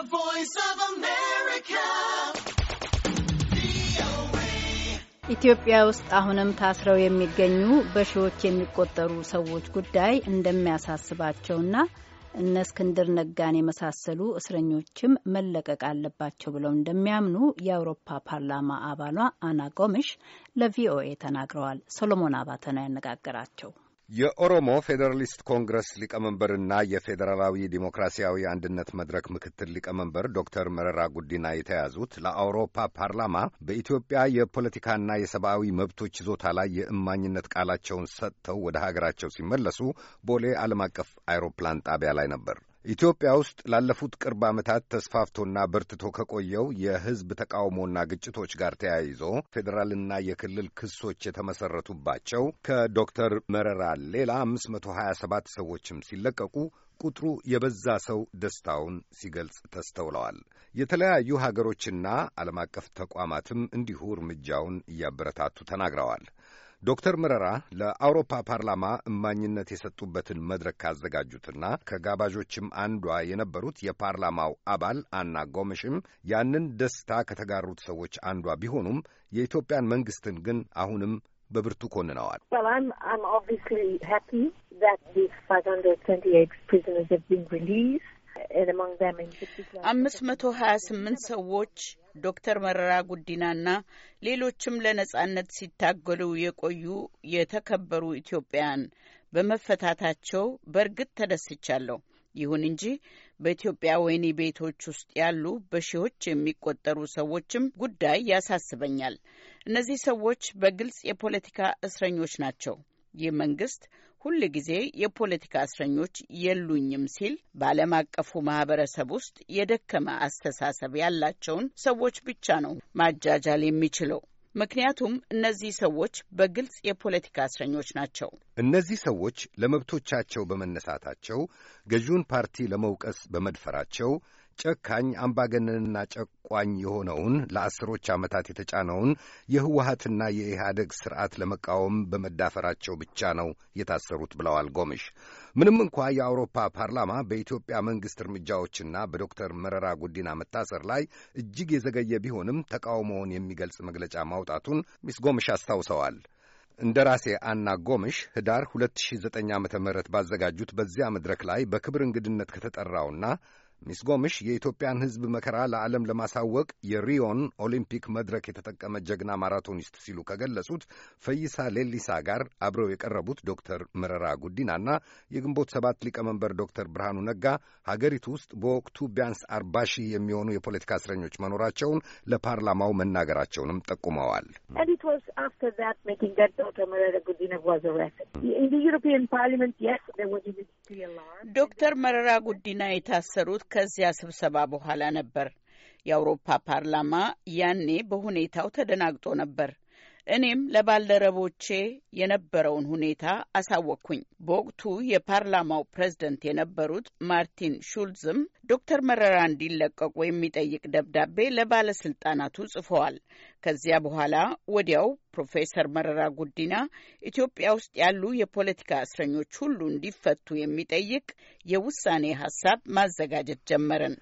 The Voice of America. ኢትዮጵያ ውስጥ አሁንም ታስረው የሚገኙ በሺዎች የሚቆጠሩ ሰዎች ጉዳይ እንደሚያሳስባቸውና እነ እስክንድር ነጋን የመሳሰሉ እስረኞችም መለቀቅ አለባቸው ብለው እንደሚያምኑ የአውሮፓ ፓርላማ አባሏ አና ጎምሽ ለቪኦኤ ተናግረዋል። ሶሎሞን አባተ ነው ያነጋገራቸው። የኦሮሞ ፌዴራሊስት ኮንግረስ ሊቀመንበርና የፌዴራላዊ ዲሞክራሲያዊ አንድነት መድረክ ምክትል ሊቀመንበር ዶክተር መረራ ጉዲና የተያዙት ለአውሮፓ ፓርላማ በኢትዮጵያ የፖለቲካና የሰብአዊ መብቶች ይዞታ ላይ የእማኝነት ቃላቸውን ሰጥተው ወደ ሀገራቸው ሲመለሱ ቦሌ ዓለም አቀፍ አይሮፕላን ጣቢያ ላይ ነበር። ኢትዮጵያ ውስጥ ላለፉት ቅርብ ዓመታት ተስፋፍቶና በርትቶ ከቆየው የሕዝብ ተቃውሞና ግጭቶች ጋር ተያይዞ ፌዴራልና የክልል ክሶች የተመሰረቱባቸው ከዶክተር መረራ ሌላ 527 ሰዎችም ሲለቀቁ ቁጥሩ የበዛ ሰው ደስታውን ሲገልጽ ተስተውለዋል። የተለያዩ ሀገሮችና ዓለም አቀፍ ተቋማትም እንዲሁ እርምጃውን እያበረታቱ ተናግረዋል። ዶክተር መረራ ለአውሮፓ ፓርላማ እማኝነት የሰጡበትን መድረክ ካዘጋጁትና ከጋባዦችም አንዷ የነበሩት የፓርላማው አባል አና ጎመሽም ያንን ደስታ ከተጋሩት ሰዎች አንዷ ቢሆኑም የኢትዮጵያን መንግስትን ግን አሁንም በብርቱ ኮንነዋል። አምስት መቶ ሀያ ስምንት ሰዎች ዶክተር መረራ ጉዲናና ሌሎችም ለነጻነት ሲታገሉ የቆዩ የተከበሩ ኢትዮጵያን በመፈታታቸው በእርግጥ ተደስቻለሁ። ይሁን እንጂ በኢትዮጵያ ወህኒ ቤቶች ውስጥ ያሉ በሺዎች የሚቆጠሩ ሰዎችም ጉዳይ ያሳስበኛል። እነዚህ ሰዎች በግልጽ የፖለቲካ እስረኞች ናቸው። ይህ መንግስት ሁል ጊዜ የፖለቲካ እስረኞች የሉኝም ሲል በዓለም አቀፉ ማህበረሰብ ውስጥ የደከመ አስተሳሰብ ያላቸውን ሰዎች ብቻ ነው ማጃጃል የሚችለው። ምክንያቱም እነዚህ ሰዎች በግልጽ የፖለቲካ እስረኞች ናቸው። እነዚህ ሰዎች ለመብቶቻቸው በመነሳታቸው፣ ገዢውን ፓርቲ ለመውቀስ በመድፈራቸው፣ ጨካኝ አምባገነንና ጨቋኝ የሆነውን ለአስሮች ዓመታት የተጫነውን የህወሀትና የኢህአደግ ስርዓት ለመቃወም በመዳፈራቸው ብቻ ነው የታሰሩት ብለዋል ጎምሽ። ምንም እንኳ የአውሮፓ ፓርላማ በኢትዮጵያ መንግሥት እርምጃዎችና በዶክተር መረራ ጉዲና መታሰር ላይ እጅግ የዘገየ ቢሆንም ተቃውሞውን የሚገልጽ መግለጫ ማውጣቱን ሚስ ጎምሽ አስታውሰዋል። እንደ ራሴ አና ጎምሽ ህዳር 2009 ዓ ም ባዘጋጁት በዚያ መድረክ ላይ በክብር እንግድነት ከተጠራውና ሚስ ጎምሽ የኢትዮጵያን ሕዝብ መከራ ለዓለም ለማሳወቅ የሪዮን ኦሊምፒክ መድረክ የተጠቀመ ጀግና ማራቶኒስት ሲሉ ከገለጹት ፈይሳ ሌሊሳ ጋር አብረው የቀረቡት ዶክተር መረራ ጉዲናና የግንቦት ሰባት ሊቀመንበር ዶክተር ብርሃኑ ነጋ ሀገሪቱ ውስጥ በወቅቱ ቢያንስ አርባ ሺህ የሚሆኑ የፖለቲካ እስረኞች መኖራቸውን ለፓርላማው መናገራቸውንም ጠቁመዋል። ዶክተር መረራ ጉዲና የታሰሩት ከዚያ ስብሰባ በኋላ ነበር። የአውሮፓ ፓርላማ ያኔ በሁኔታው ተደናግጦ ነበር። እኔም ለባልደረቦቼ የነበረውን ሁኔታ አሳወቅኩኝ። በወቅቱ የፓርላማው ፕሬዝደንት የነበሩት ማርቲን ሹልዝም ዶክተር መረራ እንዲለቀቁ የሚጠይቅ ደብዳቤ ለባለስልጣናቱ ጽፈዋል። ከዚያ በኋላ ወዲያው ፕሮፌሰር መረራ ጉዲና ኢትዮጵያ ውስጥ ያሉ የፖለቲካ እስረኞች ሁሉ እንዲፈቱ የሚጠይቅ የውሳኔ ሀሳብ ማዘጋጀት ጀመርን።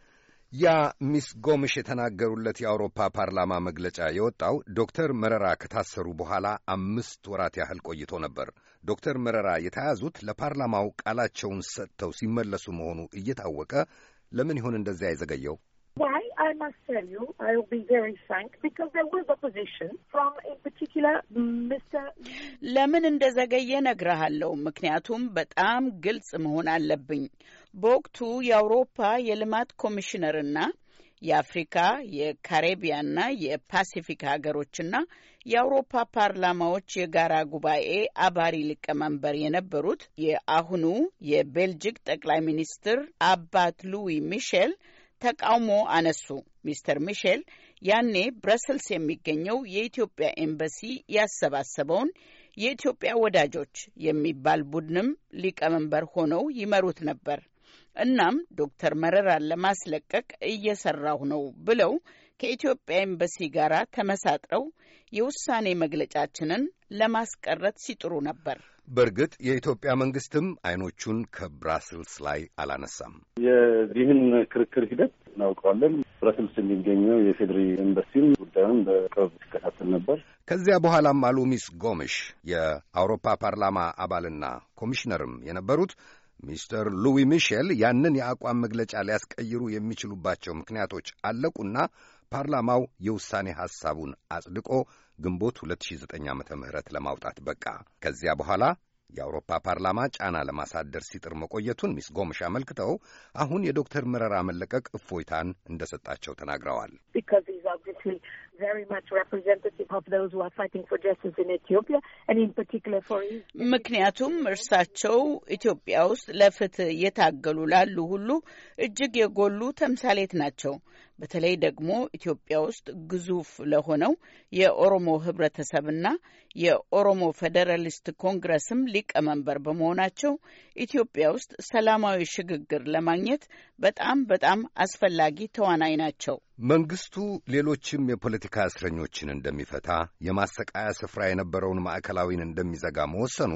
ያ ሚስ ጎምሽ የተናገሩለት የአውሮፓ ፓርላማ መግለጫ የወጣው ዶክተር መረራ ከታሰሩ በኋላ አምስት ወራት ያህል ቆይቶ ነበር። ዶክተር መረራ የተያዙት ለፓርላማው ቃላቸውን ሰጥተው ሲመለሱ መሆኑ እየታወቀ ለምን ይሆን እንደዚያ የዘገየው? ለምን እንደዘገየ እነግርሃለሁ። ምክንያቱም በጣም ግልጽ መሆን አለብኝ። በወቅቱ የአውሮፓ የልማት ኮሚሽነርና የአፍሪካ የካሪቢያና የፓሲፊክ ሀገሮችና የአውሮፓ ፓርላማዎች የጋራ ጉባኤ አባሪ ሊቀመንበር የነበሩት የአሁኑ የቤልጅክ ጠቅላይ ሚኒስትር አባት ሉዊ ሚሼል ተቃውሞ አነሱ። ሚስተር ሚሼል ያኔ ብረስልስ የሚገኘው የኢትዮጵያ ኤምባሲ ያሰባሰበውን የኢትዮጵያ ወዳጆች የሚባል ቡድንም ሊቀመንበር ሆነው ይመሩት ነበር። እናም ዶክተር መረራን ለማስለቀቅ እየሰራሁ ነው ብለው ከኢትዮጵያ ኤምባሲ ጋር ተመሳጥረው የውሳኔ መግለጫችንን ለማስቀረት ሲጥሩ ነበር። በእርግጥ የኢትዮጵያ መንግስትም አይኖቹን ከብራስልስ ላይ አላነሳም። የዚህን ክርክር ሂደት እናውቀዋለን። ብራስልስ የሚገኘው የፌዴሪ ኤምባሲም ጉዳዩን በቅርብ ሲከታተል ነበር። ከዚያ በኋላም አሉ ሚስ ጎምሽ የአውሮፓ ፓርላማ አባልና ኮሚሽነርም የነበሩት ሚስተር ሉዊ ሚሼል ያንን የአቋም መግለጫ ሊያስቀይሩ የሚችሉባቸው ምክንያቶች አለቁና ፓርላማው የውሳኔ ሐሳቡን አጽድቆ ግንቦት 2009 ዓ ም ለማውጣት በቃ። ከዚያ በኋላ የአውሮፓ ፓርላማ ጫና ለማሳደር ሲጥር መቆየቱን ሚስ ጎምሽ አመልክተው አሁን የዶክተር መረራ መለቀቅ እፎይታን እንደሰጣቸው ተናግረዋል። obviously very much representative of those who are fighting for justice in Ethiopia and in particular for ምክንያቱም እርሳቸው ኢትዮጵያ ውስጥ ለፍትህ እየታገሉ ላሉ ሁሉ እጅግ የጎሉ ተምሳሌት ናቸው። በተለይ ደግሞ ኢትዮጵያ ውስጥ ግዙፍ ለሆነው የኦሮሞ ህብረተሰብና የኦሮሞ ፌዴራሊስት ኮንግረስም ሊቀመንበር በመሆናቸው ኢትዮጵያ ውስጥ ሰላማዊ ሽግግር ለማግኘት በጣም በጣም አስፈላጊ ተዋናይ ናቸው። መንግስቱ ሌሎችም የፖለቲካ እስረኞችን እንደሚፈታ የማሰቃያ ስፍራ የነበረውን ማዕከላዊን እንደሚዘጋ መወሰኑ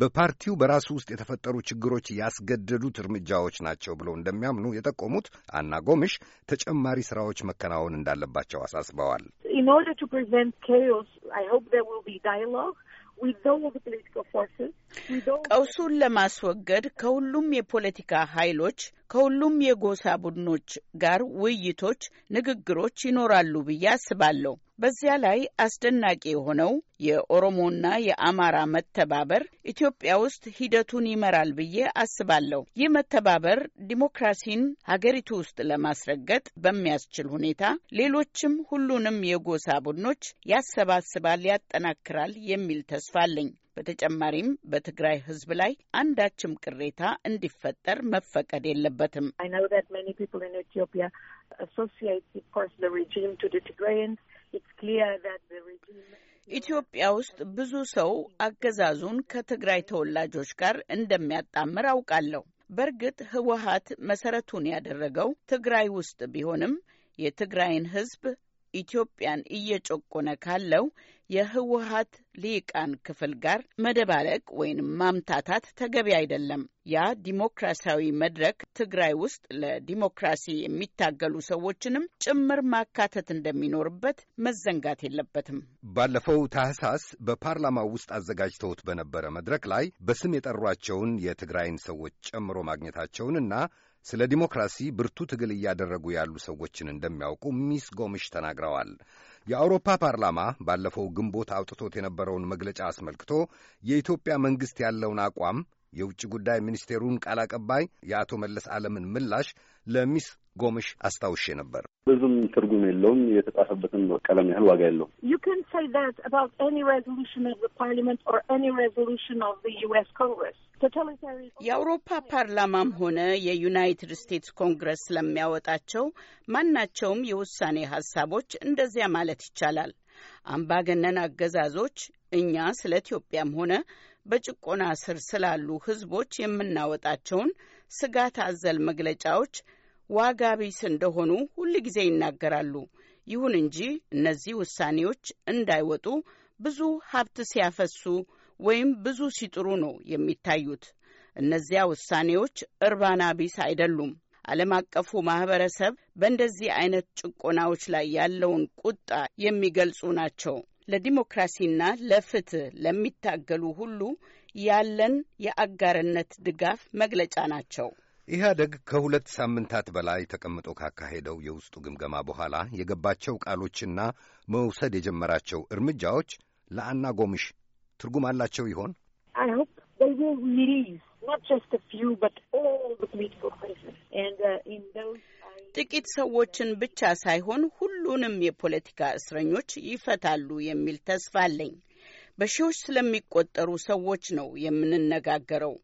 በፓርቲው በራሱ ውስጥ የተፈጠሩ ችግሮች ያስገደዱት እርምጃዎች ናቸው ብለው እንደሚያምኑ የጠቆሙት አና ጎምሽ ተጨማሪ ስራዎች መከናወን እንዳለባቸው አሳስበዋል። ቀውሱን ለማስወገድ ከሁሉም የፖለቲካ ኃይሎች ከሁሉም የጎሳ ቡድኖች ጋር ውይይቶች፣ ንግግሮች ይኖራሉ ብዬ አስባለሁ። በዚያ ላይ አስደናቂ የሆነው የኦሮሞና የአማራ መተባበር ኢትዮጵያ ውስጥ ሂደቱን ይመራል ብዬ አስባለሁ። ይህ መተባበር ዲሞክራሲን ሀገሪቱ ውስጥ ለማስረገጥ በሚያስችል ሁኔታ ሌሎችም ሁሉንም የጎሳ ቡድኖች ያሰባስባል፣ ያጠናክራል የሚል ተስፋ አለኝ። በተጨማሪም በትግራይ ሕዝብ ላይ አንዳችም ቅሬታ እንዲፈጠር መፈቀድ የለበትም። ኢትዮጵያ ውስጥ ብዙ ሰው አገዛዙን ከትግራይ ተወላጆች ጋር እንደሚያጣምር አውቃለሁ። በእርግጥ ህወሀት መሰረቱን ያደረገው ትግራይ ውስጥ ቢሆንም የትግራይን ህዝብ ኢትዮጵያን እየጨቆነ ካለው የህወሀት ሊቃን ክፍል ጋር መደባለቅ ወይንም ማምታታት ተገቢ አይደለም። ያ ዲሞክራሲያዊ መድረክ ትግራይ ውስጥ ለዲሞክራሲ የሚታገሉ ሰዎችንም ጭምር ማካተት እንደሚኖርበት መዘንጋት የለበትም። ባለፈው ታህሳስ በፓርላማ ውስጥ አዘጋጅተውት በነበረ መድረክ ላይ በስም የጠሯቸውን የትግራይን ሰዎች ጨምሮ ማግኘታቸውንና ስለ ዲሞክራሲ ብርቱ ትግል እያደረጉ ያሉ ሰዎችን እንደሚያውቁ ሚስ ጎምሽ ተናግረዋል። የአውሮፓ ፓርላማ ባለፈው ግንቦት አውጥቶት የነበረውን መግለጫ አስመልክቶ የኢትዮጵያ መንግሥት ያለውን አቋም የውጭ ጉዳይ ሚኒስቴሩን ቃል አቀባይ የአቶ መለስ ዓለምን ምላሽ ለሚስ ጎምሽ አስታውሼ ነበር። ብዙም ትርጉም የለውም። የተጻፈበትን ቀለም ያህል ዋጋ የለውም። የአውሮፓ ፓርላማም ሆነ የዩናይትድ ስቴትስ ኮንግረስ ስለሚያወጣቸው ማናቸውም የውሳኔ ሀሳቦች እንደዚያ ማለት ይቻላል። አምባገነን አገዛዞች እኛ ስለ ኢትዮጵያም ሆነ በጭቆና ስር ስላሉ ሕዝቦች የምናወጣቸውን ስጋት አዘል መግለጫዎች ዋጋ ቢስ እንደሆኑ ጊዜ ይናገራሉ። ይሁን እንጂ እነዚህ ውሳኔዎች እንዳይወጡ ብዙ ሀብት ሲያፈሱ ወይም ብዙ ሲጥሩ ነው የሚታዩት። እነዚያ ውሳኔዎች እርባና ቢስ አይደሉም። ዓለም አቀፉ ማህበረሰብ በእንደዚህ አይነት ጭቆናዎች ላይ ያለውን ቁጣ የሚገልጹ ናቸው። ለዲሞክራሲና ለፍትህ ለሚታገሉ ሁሉ ያለን የአጋርነት ድጋፍ መግለጫ ናቸው። ኢህአደግ ከሁለት ሳምንታት በላይ ተቀምጦ ካካሄደው የውስጡ ግምገማ በኋላ የገባቸው ቃሎችና መውሰድ የጀመራቸው እርምጃዎች ለአና ጎምሽ ትርጉም አላቸው ይሆን? Uh, ጥቂት ሰዎችን ብቻ ሳይሆን ሁሉንም የፖለቲካ እስረኞች ይፈታሉ የሚል ተስፋ አለኝ። በሺዎች ስለሚቆጠሩ ሰዎች ነው የምንነጋገረው።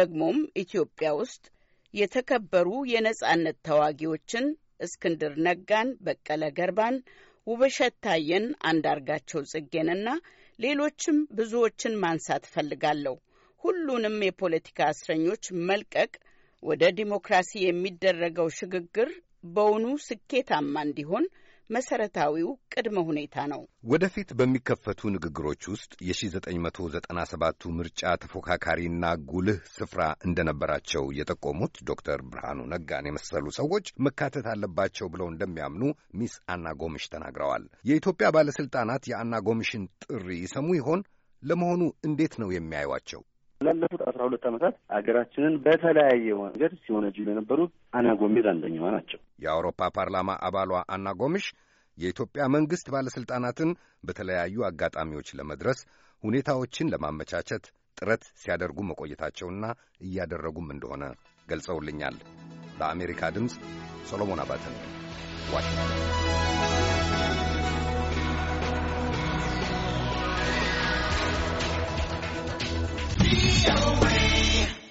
ደግሞም ኢትዮጵያ ውስጥ የተከበሩ የነጻነት ተዋጊዎችን እስክንድር ነጋን፣ በቀለ ገርባን፣ ውብሸት ታየን፣ አንዳርጋቸው ጽጌንና ሌሎችም ብዙዎችን ማንሳት እፈልጋለሁ። ሁሉንም የፖለቲካ እስረኞች መልቀቅ ወደ ዲሞክራሲ የሚደረገው ሽግግር በውኑ ስኬታማ እንዲሆን መሰረታዊው ቅድመ ሁኔታ ነው። ወደፊት በሚከፈቱ ንግግሮች ውስጥ የ1997ቱ ምርጫ ተፎካካሪና ጉልህ ስፍራ እንደነበራቸው የጠቆሙት ዶክተር ብርሃኑ ነጋን የመሰሉ ሰዎች መካተት አለባቸው ብለው እንደሚያምኑ ሚስ አና ጎምሽ ተናግረዋል። የኢትዮጵያ ባለሥልጣናት የአና ጎምሽን ጥሪ ይሰሙ ይሆን? ለመሆኑ እንዴት ነው የሚያዩቸው። ላለፉት አስራ ሁለት ዓመታት ሀገራችንን በተለያየ መንገድ ሲወነጅሉ የነበሩት አና ጎሜዝ አንደኛዋ ናቸው። የአውሮፓ ፓርላማ አባሏ አና ጎምሽ የኢትዮጵያ መንግሥት ባለሥልጣናትን በተለያዩ አጋጣሚዎች ለመድረስ ሁኔታዎችን ለማመቻቸት ጥረት ሲያደርጉ መቆየታቸውና እያደረጉም እንደሆነ ገልጸውልኛል። ለአሜሪካ ድምፅ ሰሎሞን አባተ ነው ዋሽንግተን Don't